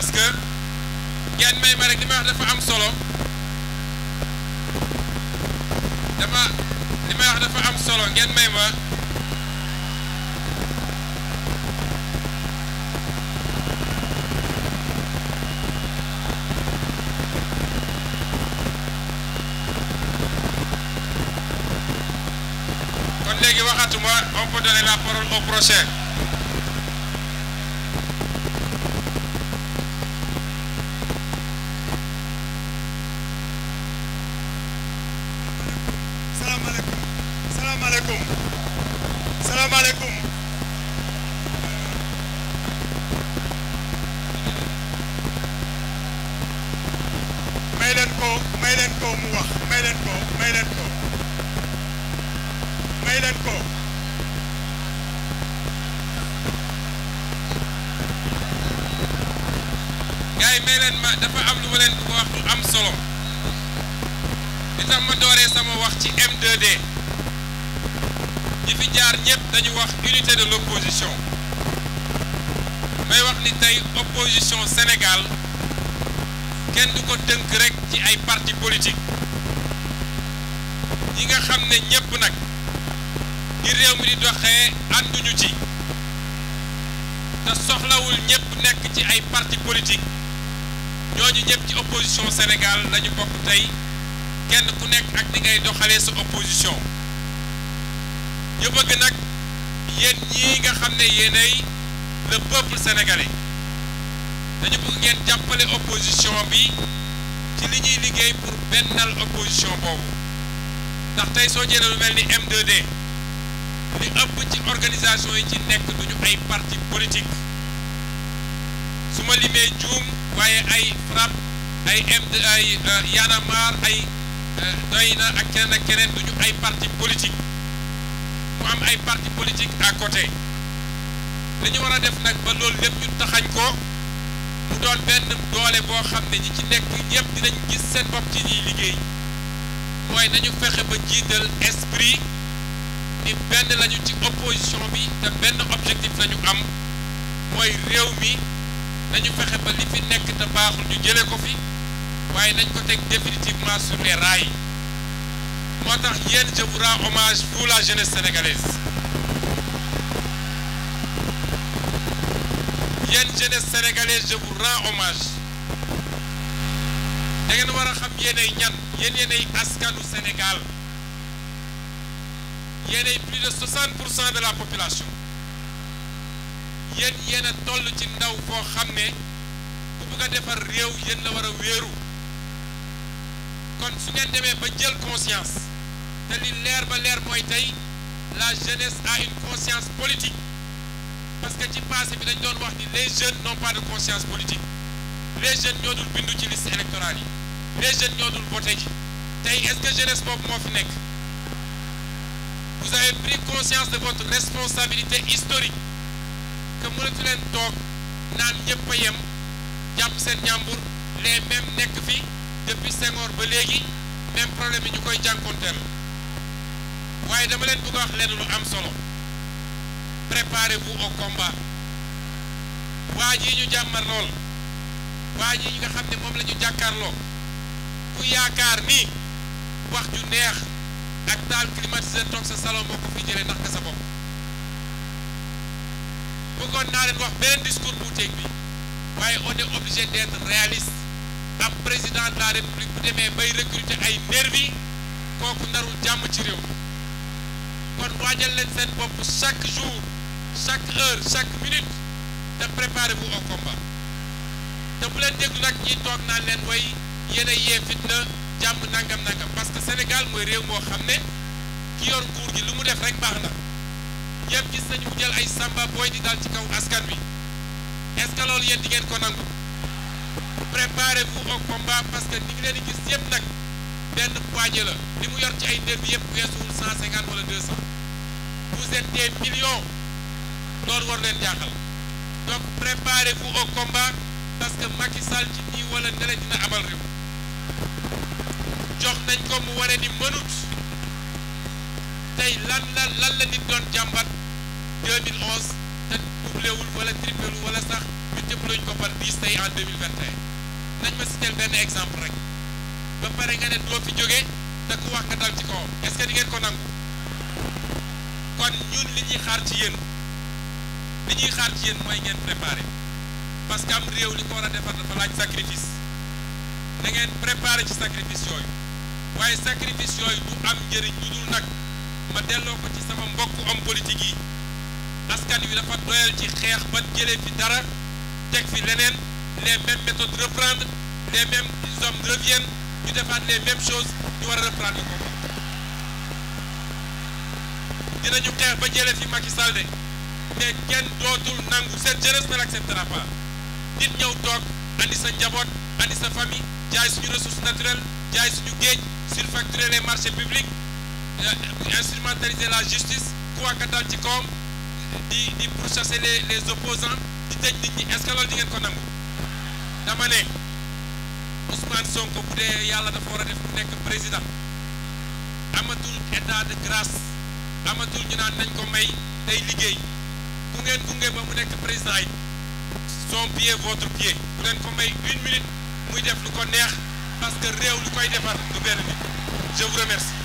parce que ngeen may ma rek li may wax dafa am solo dama li may wax dafa am solo ngeen may ma kon léegi waxatuma on peut donner la parole au prochain asalaamaaleykum may leen ko may leen yi may leen ma dafa am lu ma leen wax lu am solo li tax dooree sama wax ci m ñi fi jaar ñëpp dañu wax unité de l'opposition may wax ni tey opposition Sénégal kenn du ko tënk rek ci ay parti politique ñi nga xam ne ñëpp nag di réew mi di doxee ànduñu ci te soxlawul ñëpp nekk ci ay parti politique ñooñu ñëpp ci opposition Sénégal lañu bokk tey kenn ku nekk ak ni ngay doxalee sa opposition ñu bëgg nag yéen ñii nga xam ne yéenay le peuple sénégalais dañu bëgg ngeen jàppale opposition bi ci li ñuy liggéey pour bennal opposition boobu ndax tey soo jëlee lu mel ni m li ëpp ci organisation yi ci nekk duñu ay parti politique su ma limee juum waaye ay FRAPP ay M2 ay euh, a marre ay euh, doy na ak keneen ak keneen duñu ay parti politique ay parti politique à côté li ñu war a def nag ba loolu lépp ñu taxañ ko mu doon benn doole boo xam ne ñi ci nekk ñëpp dinañ gis seen bopp ci ñuy liggéey mooy nañu fexe ba jiital esprit ni benn lañu ci opposition bi te benn objectif lañu am mooy réew mi nañu fexe ba li fi nekk te baaxul ñu jëlee ko fi waaye nañ ko teg définitivement sur les rails moo tax yéen je vous rends hommage pour la jeunesse sénégalaise yéen jeunesse sénégalaise je vous rends da ngeen war a xam yéenay ñan yéen yéenay askanu Sénégal yéenay plus de pour cent de la population yéen yéen a toll ci ndaw koo xam ne ku bugg a defar réew yéen la war a wéeru. kon su ngeen demee ba jël conscience te li leer ba leer mooy tey la jeunesse a une conscience politique parce que ci passé bi dañ doon wax ni les jeunes no pas de conscience politique les jeunes ñoo dul bindu ci liste électorale yi les jeunes ñoo dul voté ji tey est-ce que jeunesse boobu moo fi nekk vous avez pris conscience de votre responsabilité historique que mënatu leen toog naan ñëpp a yem jàpp seen njàmbur les mêmes nekk fi depuis Senghor ba léegi même problème yi ñu koy jànkonteel waaye dama leen bëgg a wax leen lu am solo préparez-vous au combat waa ji ñu jàmmar lool waa ji nga xam ne moom la ñu jàkkaarloo ku yaakaar ni wax ju neex ak taal climatiseur toog sa salon moo ko fi jëlee ndax ka sa bopp bëggoon naa leen wax beneen discours bu wuuteeg bi waaye on est obligé d'être am président de la république bu demee bay recruter ay nervi kooku narul jàmm ci réew kon waajal leen seen bopp chaque jour chaque heure chaque minute te préparez-vous au combat te bu leen déglu nag ñi toog naa leen way yéen a yee fitna jàmm nangam nangam parce que Sénégal mooy réew moo xam ne ki yor nguur gi lu mu def rek baax na ñëpp gis nañu mu jël ay samba booy di dal ci kaw askan wi est-ce que loolu yéen ko nangu. préparez-vous au combat parce que ni ngi leen di gis yëpp nag benn poignée la li mu yor ci ay nervi yëpp weesuwul 150 wala 200 vous êtes leen jaaxal donc préparez-vous au combat parce que Macky Sall ci nii wala nele dina abal réew jox nañ ko mu waree ni mënut tey lan la lan la nit doon jàmbat 2011 te doublé wul wala triplé wul wala sax ñu jëpp lañu ko par 10 tey en nañ ma citeel exemple rek ba pare nga ne doo te ku wax nga dal ci kawam est-ce ko nangu li ñuy xaar ci yéen li ñuy ci yéen mooy ngeen préparé parce que am réew li ko war a defar dafa laaj sacrifice ngeen préparé ci sacrifice yooyu waaye sacrifice yooyu du am njëriñ lu dul nag ma delloo ko ci sama mbokk homme politique yi askan wi dafa doyal ci xeex ba jëlee fi dara teg fi leneen. les mêmes méthodes reprendre les mêmes hommes reviennent ñu defaat les mêmes choses ñu war a reprendre ko xeex ba jëlee fi Macky Sall de mais kenn dootul nangu cette jeunesse ne l'acceptera pas nit ñëw toog andi sa njaboot andi sa famille jaay suñu ressource naturelle jaay suñu géej surfacturer les marchés publics euh, instrumentaliser la justice kuwaaka dal ci kawam di di pourchasser les les opposants di tëj nit ñi est-ce ko nangu dama ne Ousmane Sonko bu dee yàlla dafa war a def mu nekk président amatul état de grâce amatul ñu naan nañ ko may day liggéey ku ngeen gunge ba mu nekk président yi son pied votre pied bu leen ko may une minute muy def lu ko neex parce que réew lu koy defar du benn nit je remercie.